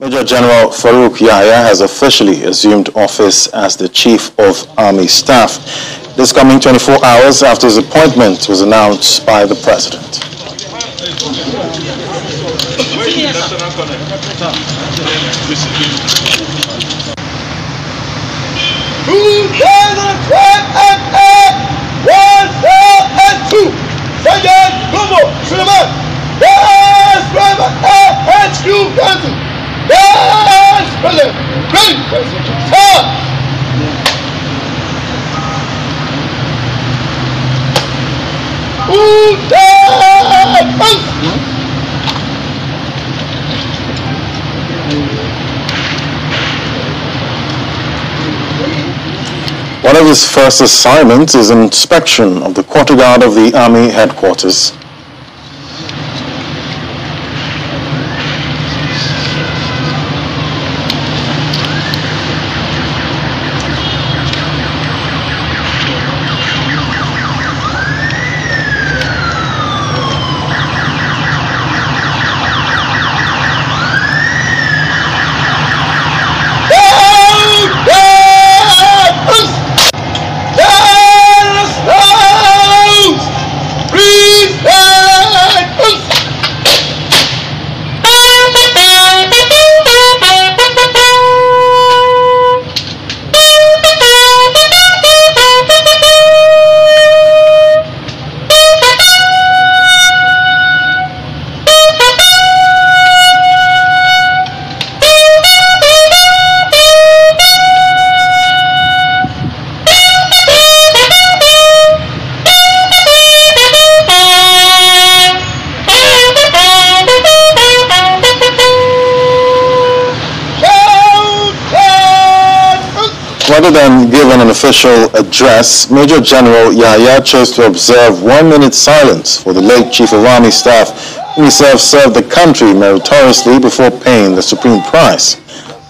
Major General Farouk Yahya has officially assumed office as the Chief of Army Staff. This coming 24 hours after his appointment was announced by the President. Who and one, and two? Oh! One of his first assignments is an inspection of the quarter guard of the Army headquarters. Rather than giving an official address, Major General Yahya chose to observe one minute silence for the late Chief of Army Staff, who himself served, served the country meritoriously before paying the supreme price.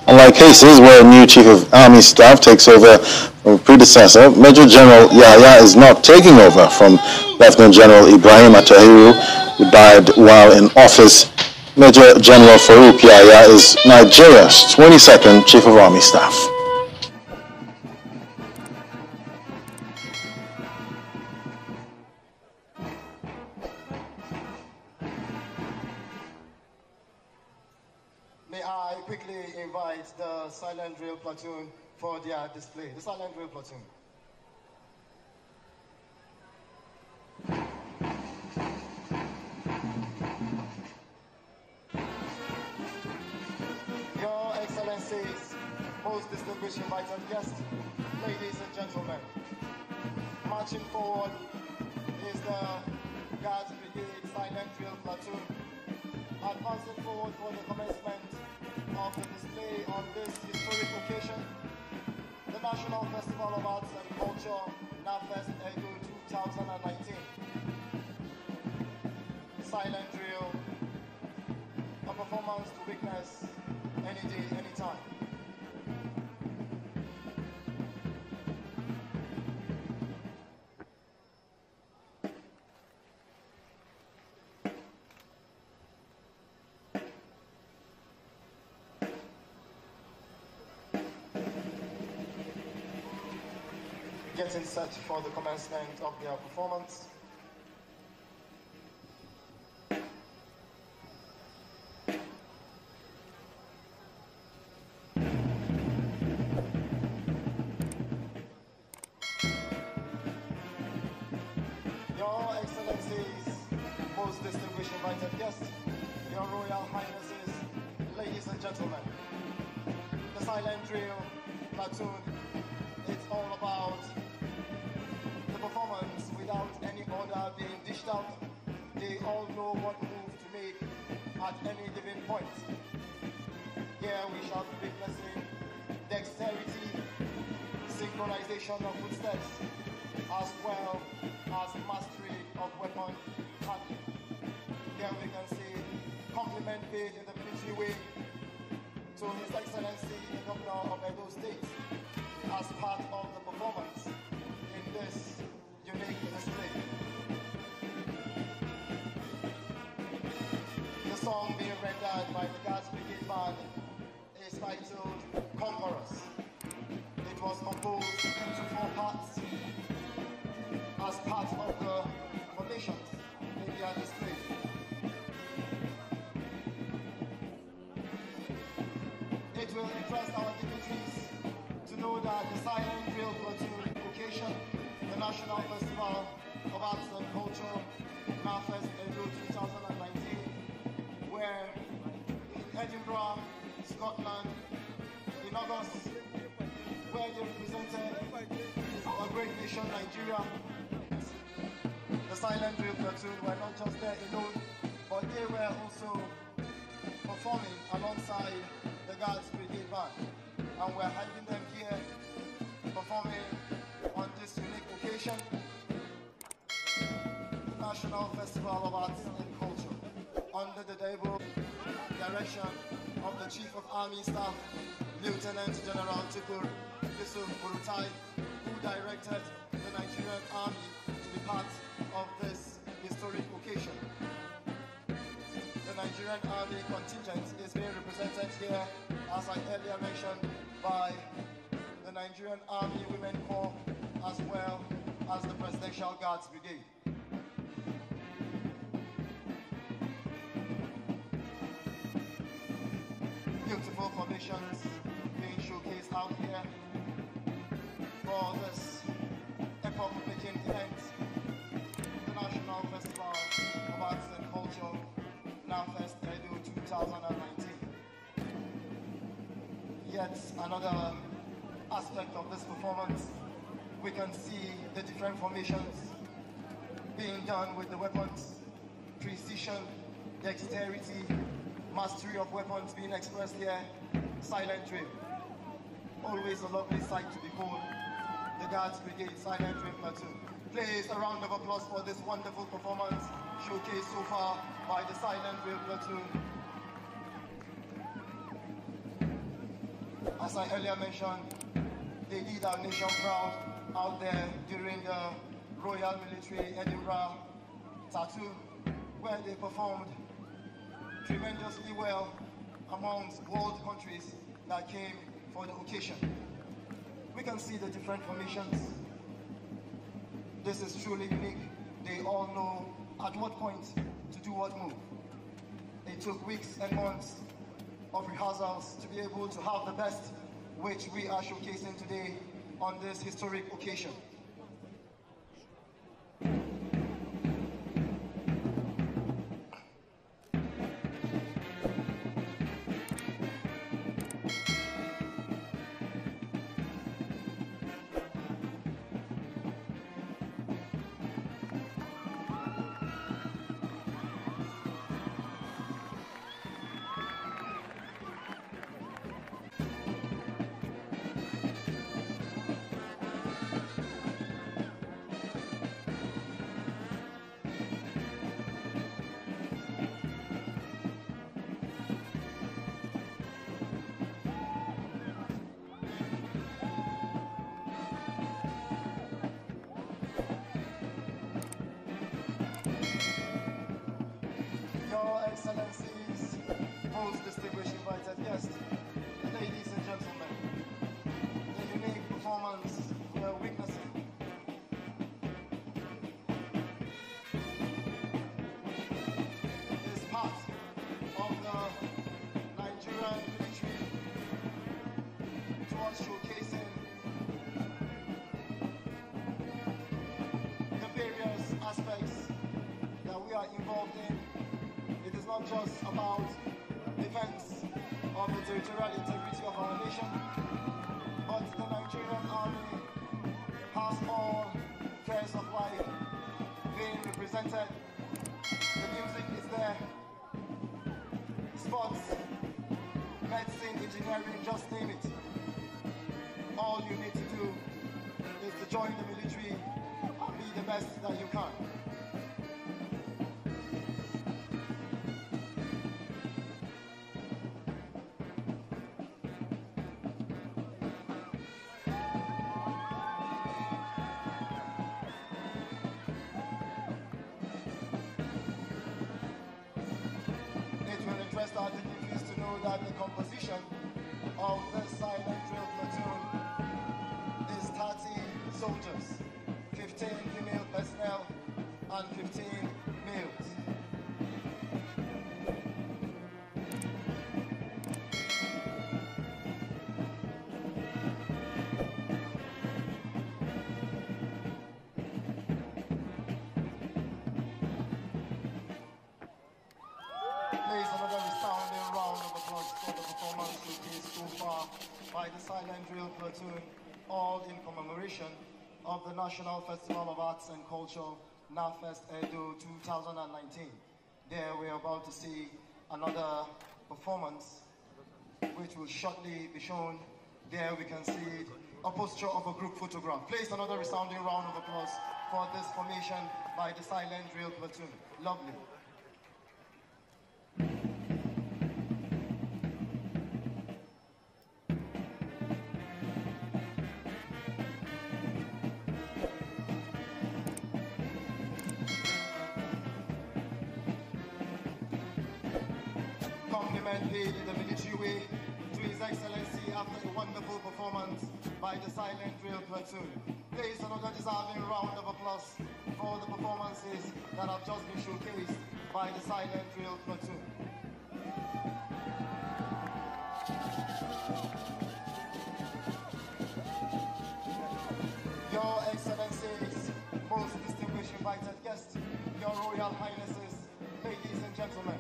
Unlike cases where a new Chief of Army Staff takes over from a predecessor, Major General Yahya is not taking over from Lieutenant General Ibrahim Atahiru, who died while in office. Major General Farouk Yahya is Nigeria's 22nd Chief of Army Staff. silent drill platoon for their display, the silent drill platoon. Your Excellencies, most distinguished invited guests, ladies and gentlemen, marching forward is the Guards Brigade Silent Drill Platoon, advancing forward for the commencement of the display on this historic occasion, the National Festival of Arts and Culture, NAFEST EGO 2019. Silent Drill, a performance to witness any day, any time. getting set for the commencement of their performance. Your Excellencies, most distinguished invited guests, Your Royal Highnesses, ladies and gentlemen, the silent drill platoon, it's all about without any order being dished out, they all know what move to make at any given point. Here we shall be witnessing dexterity, synchronization of footsteps, as well as mastery of weapon handling. Here we can see compliment paid in the military way to His Excellency the Governor of Edo State as part of the performance in this the song being read out by the Gospel Gate Band is titled Conquerors. It was composed into four parts as part of the in Indian display. It will impress our dignitaries to know that the silent real pursue invocation the National Festival of Arts and Culture, NAFEST Edo 2019, where in Edinburgh, Scotland, in August, where they represented our great nation Nigeria. The Silent Drill Platoon were not just there alone, but they were also performing alongside the Guards Brigade Band. And we're having them here performing unique occasion, the National Festival of Arts and Culture, under the table direction of the Chief of Army Staff, Lieutenant General Tukur Yusuf Burutai, who directed the Nigerian Army to be part of this historic occasion. The Nigerian Army contingent is being represented here, as I earlier mentioned, by the Nigerian Army Women Corps as well as the Presidential Guards Brigade. Beautiful formations being showcased out here for this epoch-making event, the National Festival of Arts and Culture, NAFEST Edo 2019. Yet another aspect of this performance we can see the different formations being done with the weapons, precision, dexterity, mastery of weapons being expressed here, silent Drill, Always a lovely sight to behold. The Guards Brigade Silent Drill Platoon. Please, a round of applause for this wonderful performance showcased so far by the Silent Drill Platoon. As I earlier mentioned, they did our nation proud out there during the uh, Royal Military Edinburgh Tattoo, where they performed tremendously well amongst world countries that came for the occasion. We can see the different formations. This is truly unique. They all know at what point to do what move. It took weeks and months of rehearsals to be able to have the best which we are showcasing today on this historic occasion. Your Excellencies, most distinguished invited guest, not just about defense of the territorial integrity of our nation, but the Nigerian army has more cares of life being represented. The music is there, sports, medicine, engineering, just name it. All you need to do is to join the military and be the best that you can. first article pleased to know that the composition of the silent drill platoon is 30 soldiers, 15 female personnel, and 15 by the Silent Drill Platoon, all in commemoration of the National Festival of Arts and Culture, NAFEST Edo 2019. There we're about to see another performance which will shortly be shown. There we can see a posture of a group photograph. Please another resounding round of applause for this formation by the Silent Drill Platoon. Lovely. in the military way to His Excellency after a wonderful performance by the Silent Rail Platoon. Please another deserving round of applause for the performances that have just been showcased by the Silent Rail Platoon. Your Excellencies, most distinguished invited guests, Your Royal Highnesses, ladies and gentlemen,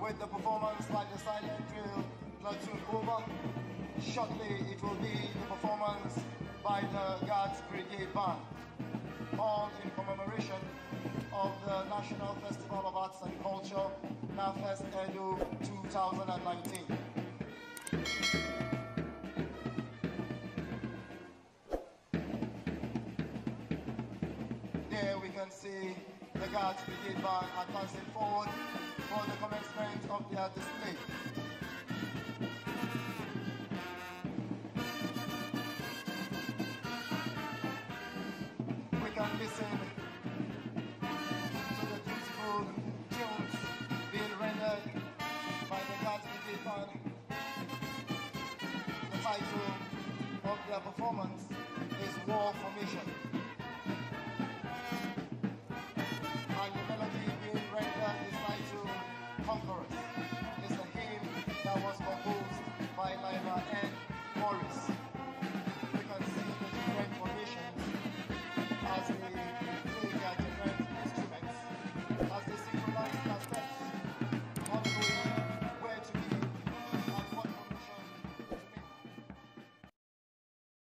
with the performance by the silent drill not soon over. Shortly it will be the performance by the Guards Brigade Band, all in commemoration of the National Festival of Arts and Culture, NAFEST Edu 2019. we can see the Guards begin by advancing forward for the commencement of their display. We can listen to the beautiful tunes being rendered by the guards Brigade Band. The title of their performance is War Formation.